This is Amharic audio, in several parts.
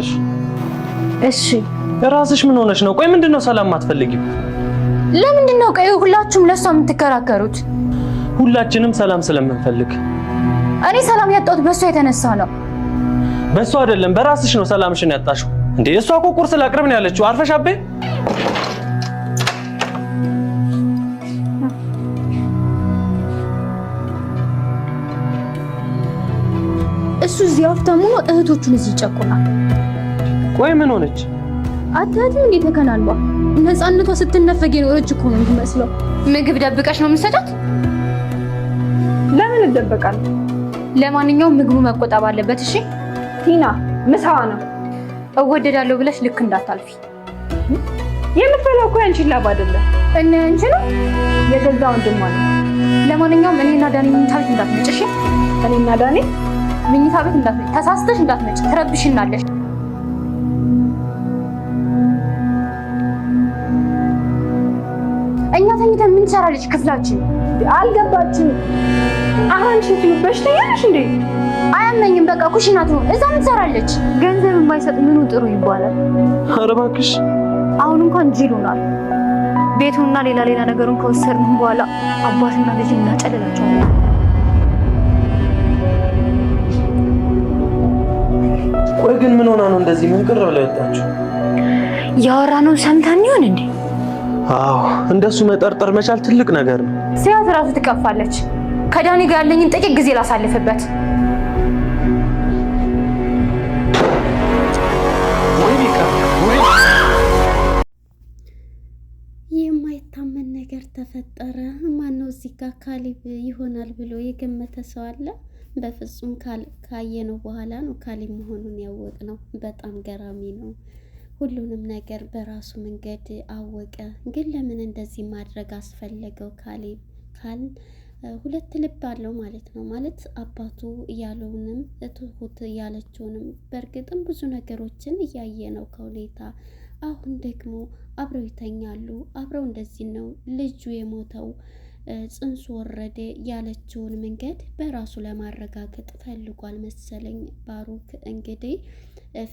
እንዳትረሽ እሺ። ራስሽ ምን ሆነሽ ነው? ቆይ ምንድነው ሰላም አትፈልጊው? ለምንድን ነው ቆይ ሁላችሁም ለሷ የምትከራከሩት? ሁላችንም ሰላም ስለምንፈልግ። እኔ ሰላም ያጣሁት በሷ የተነሳ ነው። በሷ አይደለም፣ በራስሽ ነው ሰላምሽን ያጣሽው። እንዴ እሷ እኮ ቁርስ ላቅርብ ነው ያለችው። አርፈሽ አቤ እሱ እዚህ አፍታሙ እህቶቹን እዚህ ይጨቁናል። ቆይ ምን ሆነች? አታያትም እንዴ ተከናንባ? ነፃነቷ ስትነፈግ የኖረች እኮ ነው የምትመስለው። ምግብ ደብቀሽ ነው የምትሰጣት? ለምን እደበቃለሁ? ለማንኛውም ምግቡ መቆጠብ አለበት። እሺ ቲና፣ ምሳዋ ነው። እወደዳለሁ ብለሽ ልክ እንዳታልፊ። የምትበላው እኮ ያንቺን ላብ አይደለም እና ያንቺ ነው የገዛ ወንድሟ ነው። ለማንኛውም እኔና ዳኒ መኝታ ቤት እንዳትመጭ እሺ? እኔና ዳኒ መኝታ ቤት እንዳትመጭ፣ ተሳስተሽ እንዳትመጭ፣ ትረብሽናለሽ። ተኝተን ምን ትሰራለች? ክፍላችን አልገባችም። አሁን ሽቱ በሽተኛ ነሽ እንዴ? አያመኝም። በቃ ኩሽናት ነው እዛ ምን ትሰራለች? ገንዘብ የማይሰጥ ምኑ ጥሩ ይባላል? ኧረ እባክሽ አሁን እንኳን ጅሉናል። ቤቱና ሌላ ሌላ ነገሩን ከወሰድን በኋላ አባትና ልጅ እናጨልላቸዋለን። ቆይ ግን ምን ሆና ነው እንደዚህ ምን ቅር ላይ ያወጣችሁ? ያወራነውን ሰምታን ይሆን እንዴ? አዎ እንደሱ መጠርጠር መቻል ትልቅ ነገር ነው። ሲያት ራሱ ትቀፋለች። ከዳኒ ጋር ያለኝን ጥቂት ጊዜ ላሳልፍበት። የማይታመን ነገር ተፈጠረ። ማነው እዚህ ጋር ካሊብ ይሆናል ብሎ የገመተ ሰው አለ? በፍጹም ካየነው በኋላ ነው ካሊብ መሆኑን ያወቅ ነው። በጣም ገራሚ ነው። ሁሉንም ነገር በራሱ መንገድ አወቀ። ግን ለምን እንደዚህ ማድረግ አስፈለገው ካሌብ ካል ሁለት ልብ አለው ማለት ነው። ማለት አባቱ እያለውንም ትሁት እያለችውንም በእርግጥም ብዙ ነገሮችን እያየ ነው ከሁኔታ አሁን ደግሞ አብረው ይተኛሉ። አብረው እንደዚህ ነው ልጁ የሞተው ጽንሱ ወረደ ያለችውን መንገድ በራሱ ለማረጋገጥ ፈልጓል መሰለኝ። ባሩክ እንግዲህ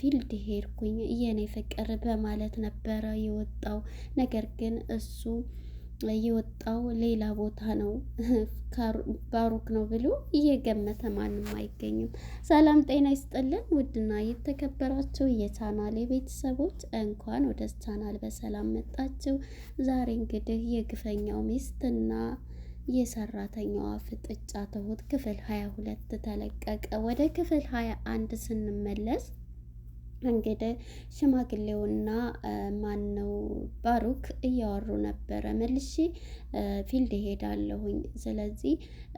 ፊልድ ሄድኩኝ የኔ ፍቅር በማለት ነበረ የወጣው ነገር ግን እሱ የወጣው ሌላ ቦታ ነው ባሩክ ነው ብሎ እየገመተ ማንም አይገኝም። ሰላም ጤና ይስጥልን ውድና የተከበራችሁ የቻናሌ ቤተሰቦች እንኳን ወደ ቻናል በሰላም መጣችሁ። ዛሬ እንግዲህ የግፈኛው ሚስትና የሰራተኛዋ ፍጥጫ ትሁት ክፍል 22 ተለቀቀ። ወደ ክፍል 21 ስንመለስ እንግዲህ ሽማግሌውና ማን ነው ባሩክ እያወሩ ነበረ። መልሼ ፊልድ ሄዳለሁኝ። ስለዚህ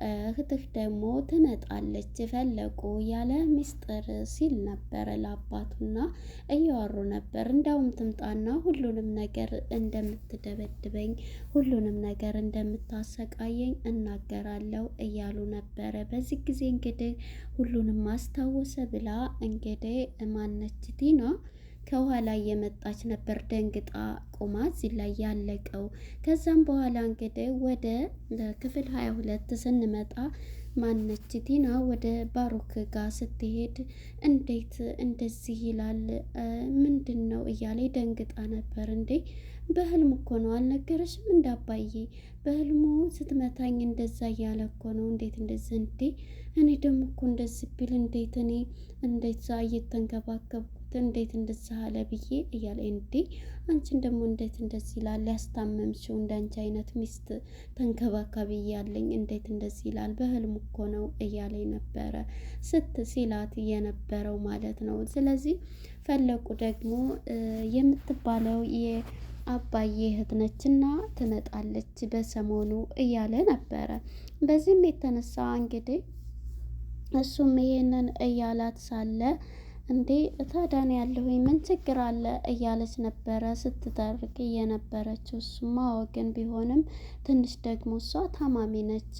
እህትህ ደግሞ ትመጣለች ፈለቁ ያለ ሚስጥር ሲል ነበረ ለአባቱና እያወሩ ነበር። እንዳውም ትምጣና ሁሉንም ነገር እንደምትደበድበኝ፣ ሁሉንም ነገር እንደምታሰቃየኝ እናገራለሁ እያሉ ነበረ። በዚህ ጊዜ እንግዲህ ሁሉንም አስታወሰ ብላ እንግዲህ ማነች ቲና ከኋላ እየመጣች ነበር። ደንግጣ ቆማ እዚህ ላይ ያለቀው። ከዛም በኋላ እንግዲህ ወደ ክፍል 22 ስንመጣ ማነች ቲና ወደ ባሩክ ጋር ስትሄድ እንዴት እንደዚህ ይላል ምንድን ነው እያለ ደንግጣ ነበር። እንዴ በህልም እኮ ነው አልነገረሽም? እንዳባዬ በህልሙ ስትመታኝ እንደዛ እያለ እኮ ነው። እንዴት እንደዚህ እንዴ እኔ ደግሞ እኮ እንደዚህ ቢል እንዴት እኔ እንደዛ እየተንከባከብኩ እንዴት እንድትሳለ ብዬ እያለ እንዴ አንቺን ደግሞ እንዴት እንደዚህ ይላል ያስታመምሽው እንዳንቺ አይነት ሚስት ተንከባካቢ እያለኝ እንዴት እንደዚህ ይላል በህልሙ እኮ ነው እያለ ነበረ ስት ሲላት የነበረው ማለት ነው። ስለዚህ ፈለቁ ደግሞ የምትባለው የአባዬ እህት ነችና ትመጣለች በሰሞኑ እያለ ነበረ። በዚህም የተነሳ እንግዲህ እሱም ይሄንን እያላት ሳለ እንዴ ታዳን ያለሁ ምን ችግር አለ እያለች ነበረ ስትተርክ የነበረችው። እሱማ ወገን ቢሆንም ትንሽ ደግሞ እሷ ታማሚ ነች።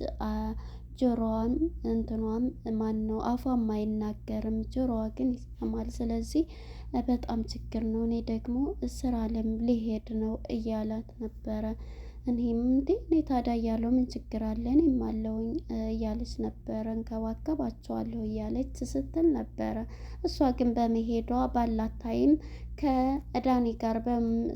ጆሮዋም እንትኗም ማን ነው አፏም አይናገርም፣ ጆሮዋ ግን ይሰማል። ስለዚህ በጣም ችግር ነው። እኔ ደግሞ ስራ ለም ሊሄድ ነው እያላት ነበረ እኔም እንዴ እኔ ታዲያ እያለሁ ምን ችግር አለ እኔም አለውኝ እያለች ነበረ። እንከባከባቸዋለሁ እያለች ስትል ነበረ። እሷ ግን በመሄዷ ባላት ታይም ከዳኒ ጋር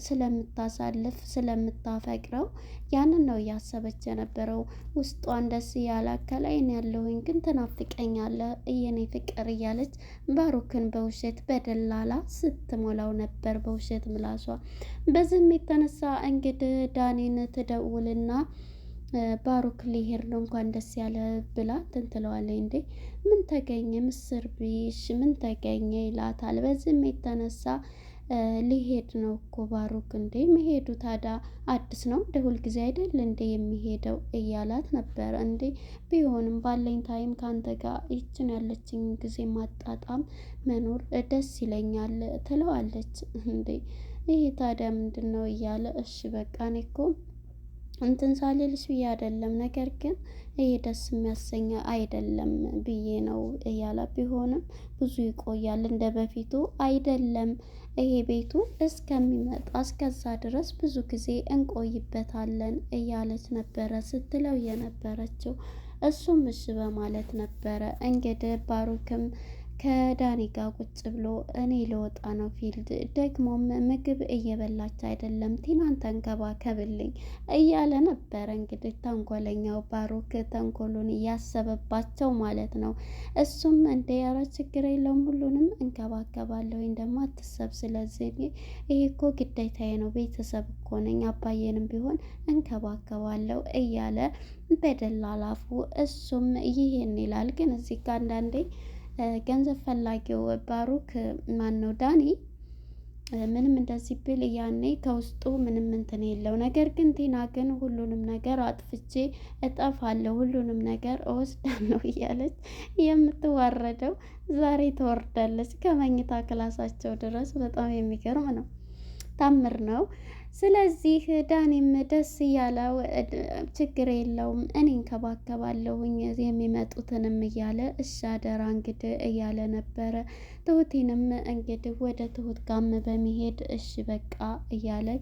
ስለምታሳልፍ ስለምታፈቅረው ያንን ነው እያሰበች የነበረው። ውስጧን ደስ እያለ ከላይን ያለውኝ ግን ትናፍቀኛለህ እየኔ ፍቅር እያለች ባሩክን በውሸት በደላላ ስትሞላው ነበር በውሸት ምላሷ። በዚህም የተነሳ እንግዲህ ዳኒን ትደውልና ባሩክ ሊሄድ ነው እንኳን ደስ ያለ ብላ ትንትለዋለች። እንዴ ምን ተገኘ ምስር ብሽ ምን ተገኘ ይላታል። በዚህም የተነሳ ሊሄድ ነው እኮ ባሩክ። እንዴ መሄዱ ታዳ አዲስ ነው እንደ ሁልጊዜ አይደል እንዴ የሚሄደው እያላት ነበር። እንዴ ቢሆንም ባለኝ ታይም ከአንተ ጋር ይችን ያለችኝ ጊዜ ማጣጣም መኖር ደስ ይለኛል ትለዋለች። እንዴ ይሄ ታዲያ ምንድን ነው እያለ እሺ በቃ እኔ እኮ እንትን ሳልልሽ ብዬ አይደለም፣ ነገር ግን ይሄ ደስ የሚያሰኝ አይደለም ብዬ ነው እያለ ቢሆንም ብዙ ይቆያል። እንደ በፊቱ አይደለም ይሄ ቤቱ እስከሚመጣ እስከዛ ድረስ ብዙ ጊዜ እንቆይበታለን እያለች ነበረ ስትለው የነበረችው። እሱም እሺ በማለት ነበረ እንግዲህ ባሩክም ከዳኒ ጋር ቁጭ ብሎ እኔ ለወጣ ነው ፊልድ፣ ደግሞም ምግብ እየበላች አይደለም፣ ቲናን ተንከባከብልኝ እያለ ነበረ። እንግዲህ ተንኮለኛው ባሮክ ተንኮሉን እያሰበባቸው ማለት ነው። እሱም እንደ ያረ ችግር የለውም ሁሉንም እንከባከባለሁ አትሰብ፣ ስለዚህ ይህ እኮ ግዴታዬ ነው፣ ቤተሰብ እኮ ነኝ፣ አባዬንም ቢሆን እንከባከባለሁ እያለ በደላላፉ እሱም ይህን ይላል። ግን እዚህ ጋር አንዳንዴ ገንዘብ ፈላጊው ባሩክ ማን ነው ዳኒ ምንም እንደዚህ ብል ያኔ ከውስጡ ምንም እንትን የለው። ነገር ግን ቲና ግን ሁሉንም ነገር አጥፍቼ እጠፋለሁ፣ ሁሉንም ነገር እወስዳለሁ እያለች የምትዋረደው ዛሬ ትወርዳለች ከመኝታ ክላሳቸው ድረስ። በጣም የሚገርም ነው፣ ታምር ነው። ስለዚህ ዳኒም ደስ እያለው ችግር የለውም እኔ እንከባከባለሁኝ የሚመጡትንም እያለ እሺ አደራ እንግዲህ እያለ ነበረ። ትሁቴንም እንግዲህ ወደ ትሁት ጋም በመሄድ እሺ በቃ እያለኝ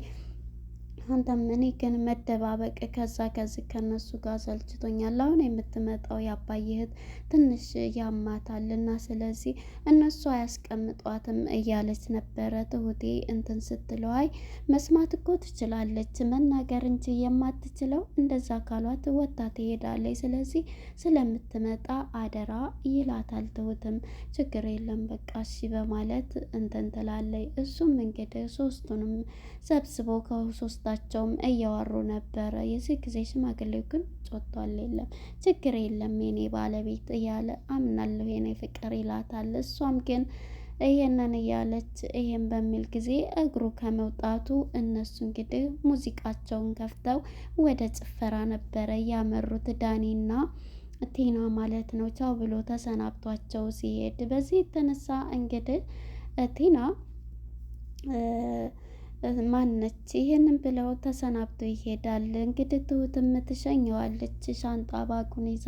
አንተም እኔ ግን መደባበቅ ከዛ ከዚህ ከነሱ ጋር ሰልችቶኛል። አሁን የምትመጣው ያባይህት ትንሽ ያማታል እና ስለዚህ እነሱ አያስቀምጧትም እያለች ነበረ ትሁቴ እንትን ስትለዋይ፣ መስማት እኮ ትችላለች መናገር እንጂ የማትችለው እንደዛ ካሏት ወታ ትሄዳለች። ስለዚህ ስለምትመጣ አደራ ይላታል። ትሁትም ችግር የለም በቃ እሺ በማለት እንትን ትላለች። እሱም እንግዲህ ሶስቱንም ሰብስቦ ከሶስታ ሁላቸውም እያወሩ ነበረ። የዚህ ጊዜ ሽማግሌው ግን ጮቷል። የለም ችግር የለም የኔ ባለቤት እያለ አምናለሁ የኔ ፍቅር ይላታል። እሷም ግን ይሄንን እያለች ይሄን በሚል ጊዜ እግሩ ከመውጣቱ እነሱ እንግዲህ ሙዚቃቸውን ከፍተው ወደ ጭፈራ ነበረ ያመሩት ዳኒና ቴና ማለት ነው። ቻው ብሎ ተሰናብቷቸው ሲሄድ በዚህ የተነሳ እንግዲህ ቴና ማነች ይህንን ብለው ተሰናብቶ ይሄዳል። እንግዲህ ትሁትም ትሸኘዋለች። ሻንጣ ባጉን ይዛ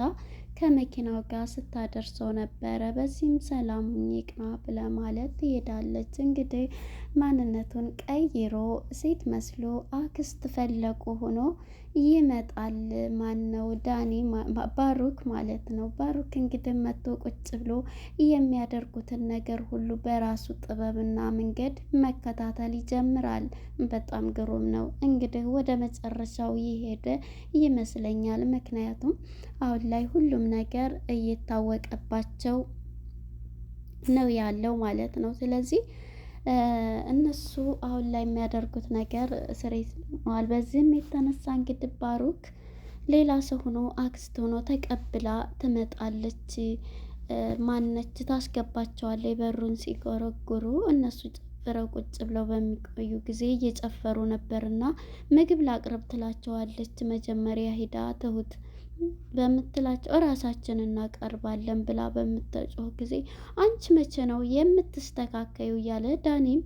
ከመኪናው ጋር ስታደርሰው ነበረ። በዚህም ሰላም ይቅና ብለ ማለት ትሄዳለች። እንግዲህ ማንነቱን ቀይሮ ሴት መስሎ አክስት ፈለቁ ሆኖ ይመጣል። ነው? ዳኒ ባሩክ ማለት ነው። ባሩክ እንግዲህ መቶ ቁጭ ብሎ የሚያደርጉትን ነገር ሁሉ በራሱ ጥበብና መንገድ መከታተል ይጀምራል። በጣም ግሩም ነው። እንግዲህ ወደ መጨረሻው የሄደ ይመስለኛል። ምክንያቱም አሁን ላይ ሁሉም ነገር እየታወቀባቸው ነው ያለው ማለት ነው። ስለዚህ እነሱ አሁን ላይ የሚያደርጉት ነገር ስሬት ነዋል። በዚህም የተነሳ እንግዲህ ባሩክ ሌላ ሰው ሆኖ አክስት ሆኖ ተቀብላ ትመጣለች። ማነች ታስገባቸዋለ በሩን ሲጎረጉሩ እነሱ ጨፍረው ቁጭ ብለው በሚቆዩ ጊዜ እየጨፈሩ ነበርና ምግብ ላቅርብ ትላቸዋለች። መጀመሪያ ሂዳ ትሁት በምትላቸው እራሳችን እናቀርባለን ብላ በምትጮህ ጊዜ አንቺ መቼ ነው የምትስተካከዩ? እያለ ዳኒም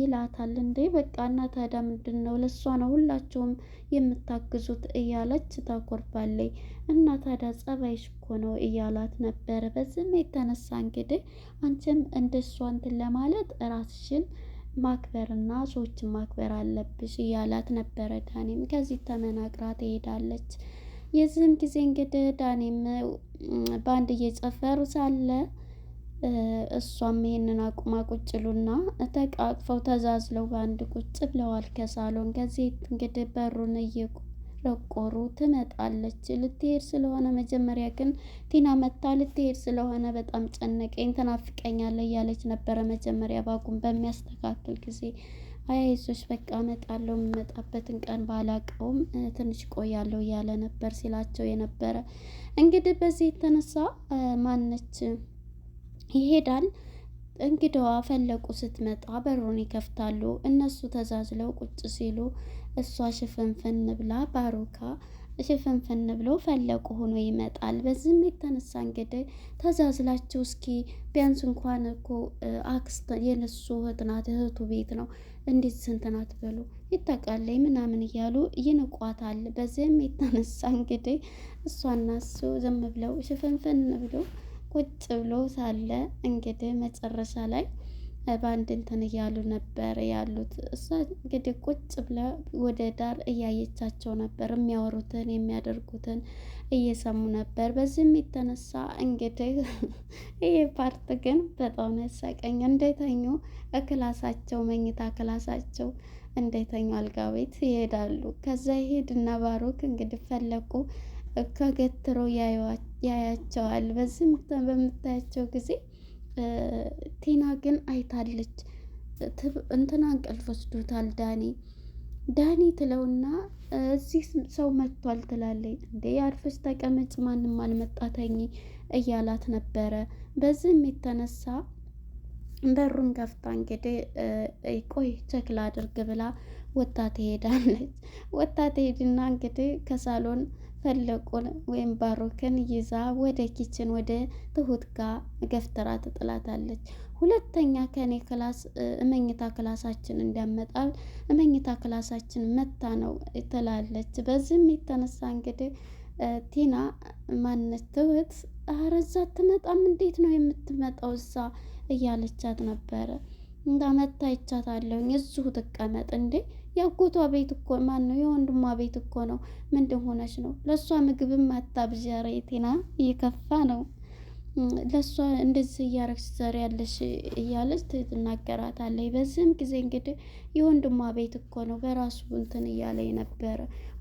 ይላታል። እንዴ በቃ እና ታዲያ ምንድን ነው ለእሷ ነው ሁላቸውም የምታግዙት እያለች ታኮርባለይ። እና ታዲያ ጸባይሽ እኮ ነው እያላት ነበረ። በዚህም የተነሳ እንግዲህ አንቺም እንደ እሷ እንትን ለማለት ራስሽን ማክበርና ሰዎችን ማክበር አለብሽ እያላት ነበረ ዳኒም። ከዚህ ተመናቅራ ትሄዳለች። የዚህም ጊዜ እንግዲህ ዳኔም በአንድ እየጨፈሩ ሳለ እሷም ይሄንን አቁማ ቁጭ ሉና ተቃቅፈው ተዛዝለው በአንድ ቁጭ ብለዋል። ከሳሎን ከዚህ እንግዲህ በሩን እየቆረቆሩ ትመጣለች። ልትሄድ ስለሆነ መጀመሪያ ግን ቲና መታ ልትሄድ ስለሆነ በጣም ጨነቀኝ፣ ትናፍቀኛለህ እያለች ነበረ መጀመሪያ ባጉን በሚያስተካክል ጊዜ አያይዞች በቃ እመጣለሁ፣ የምመጣበትን ቀን ባላቀውም ትንሽ ቆያለሁ እያለ ነበር ሲላቸው የነበረ። እንግዲህ በዚህ የተነሳ ማነች ይሄዳል። እንግዳዋ ፈለቁ ስትመጣ በሩን ይከፍታሉ። እነሱ ተዛዝለው ቁጭ ሲሉ እሷ ሽፍንፍን ብላ ባሩካ ሽፍንፍን ብሎ ፈለቁ ሆኖ ይመጣል። በዚህም የተነሳ እንግዲህ ተዛዝላቸው እስኪ ቢያንስ እንኳን እኮ አክስት የነሱ እህት ናት እህቱ ቤት ነው እንዴት ስንት ናት በሉ ይታቃለይ ምናምን እያሉ ይንቋታል። በዚህም የተነሳ እንግዲህ እሷና እሱ ዝም ብለው ሽፍንፍን ብሎ ቁጭ ብሎ ሳለ እንግዲህ መጨረሻ ላይ በአንድ እንትን እያሉ ነበር ያሉት። እሷ እንግዲህ ቁጭ ብላ ወደ ዳር እያየቻቸው ነበር። የሚያወሩትን የሚያደርጉትን እየሰሙ ነበር። በዚህም የተነሳ እንግዲህ ይህ ፓርት ግን በጣም ያሳቀኝ። እንደተኙ ክላሳቸው መኝታ ክላሳቸው እንደተኙ አልጋ ቤት ይሄዳሉ። ከዛ ይሄድና ባሮክ እንግዲህ ፈለቁ ከገትሮ ያያቸዋል። በዚህ በምታያቸው ጊዜ ቴና ግን አይታለች። እንትና እንቅልፍ ወስዶታል ዳኒ ዳኒ ትለውና እዚህ ሰው መጥቷል ትላለች። እንዴ አርፈሽ ተቀመጭ ማንም አልመጣተኝ እያላት ነበረ። በዚህም የተነሳ በሩን ከፍታ እንግዲህ ቆይ ቸክላ አድርግ ብላ ወታ ትሄዳለች። ወታ ትሄድና እንግዲህ ከሳሎን ፈለቁን ወይም ባሮክን ይዛ ወደ ኪችን ወደ ትሁት ጋር ገፍትራ ትጥላታለች። ሁለተኛ ከኔ ክላስ እመኝታ ክላሳችን እንዳመጣል እመኝታ ክላሳችን መታ ነው ትላለች። በዚህም የተነሳ እንግዲህ ቲና ማነች ትሁት አረዛ ትመጣም እንዴት ነው የምትመጣው እዛ እያለቻት ነበረ። እንዳመታ ይቻታለሁኝ እዚሁ ትቀመጥ እንዴ የአጎቷ ቤት እኮ ማን ነው? የወንድሟ ቤት እኮ ነው። ምን እንደሆነች ነው? ለእሷ ምግብም አታብዣ፣ ሬቴና እየከፋ ነው። ለእሷ እንደዚህ እያረግሽ ዘር ያለሽ እያለች ትናገራታለች። በዚህም ጊዜ እንግዲህ የወንድሟ ቤት እኮ ነው በራሱ እንትን እያለ ነበረ።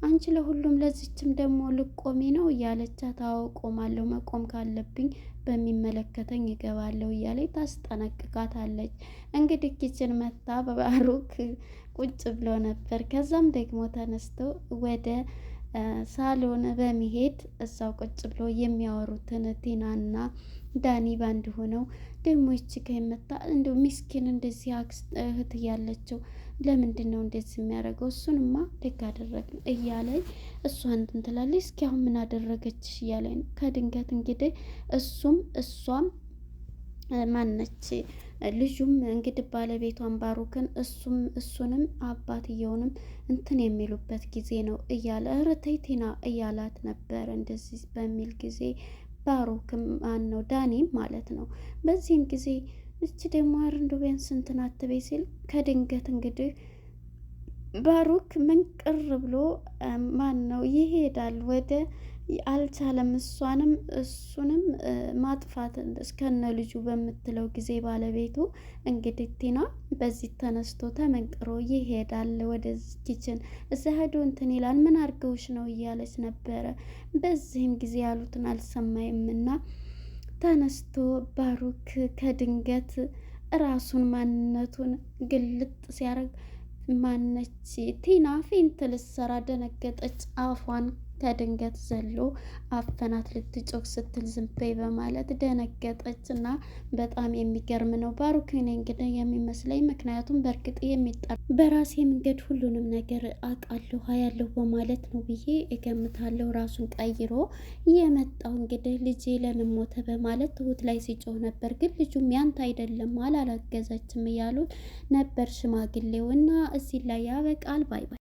አንቺ ለሁሉም ለዚችም ደግሞ ልቆሜ ነው እያለቻ ታወቆማለሁ መቆም ካለብኝ በሚመለከተኝ እገባለሁ እያለች ታስጠነቅቃታለች። እንግዲህ ኪችን መታ በባሩክ ቁጭ ብሎ ነበር። ከዛም ደግሞ ተነስቶ ወደ ሳሎን በመሄድ እዛው ቁጭ ብሎ የሚያወሩትን ቲናና ዳኒ ባንድ ሆነው ደግሞ ይቺ ከመጣ እንደ ሚስኪን እንደዚህ እህት እያለችው ለምንድን ነው እንደዚህ የሚያደርገው? እሱንማ ደግ አደረግን እያለኝ እሷ እንትን ትላለች። እስኪ አሁን ምን አደረገችሽ እያለኝ ነው። ከድንገት እንግዲህ እሱም እሷም ማነች ልጁም እንግዲህ ባለቤቷን ባሩክን እሱም እሱንም አባትየውንም እንትን የሚሉበት ጊዜ ነው እያለ ኧረ ተይ እያላት ነበር። እንደዚህ በሚል ጊዜ ባሩክም ማን ነው ዳኒም ማለት ነው። በዚህም ጊዜ እች ደግሞ አርንዶ ቢያንስ እንትን አትበይ ሲል ከድንገት እንግዲህ ባሩክ ምንቅር ብሎ ማን ነው ይሄዳል ወደ አልቻለም። እሷንም እሱንም ማጥፋት እስከነ ልጁ በምትለው ጊዜ ባለቤቱ እንግዲህ ቲና በዚህ ተነስቶ ተመንቅሮ ይሄዳል ወደ ኪችን። እዚ ሄዶ እንትን ይላል። ምን አድርገውሽ ነው እያለች ነበረ። በዚህም ጊዜ ያሉትን አልሰማይምና ተነስቶ ባሩክ ከድንገት ራሱን ማንነቱን ግልጥ ሲያደርግ ማነች ቲና ፌንት ልትሰራ ደነገጠች። አፏን ከድንገት ዘሎ አፈናት ልትጮክ ስትል ዝም በይ በማለት ደነገጠች እና በጣም የሚገርም ነው። ባሩክ እኔ እንግዲህ የሚመስለኝ ምክንያቱም በእርግጥ የሚጠራ በራሴ መንገድ ሁሉንም ነገር አውቃለሁ አያለሁ በማለት ነው ብዬ እገምታለሁ። ራሱን ቀይሮ የመጣው እንግዲህ ልጄ ለምን ሞተ በማለት ትሁት ላይ ሲጮህ ነበር። ግን ልጁም ያንተ አይደለም አላላገዘችም እያሉት ነበር ሽማግሌው እና እዚህ ላይ ያበቃል። ባይ ባይ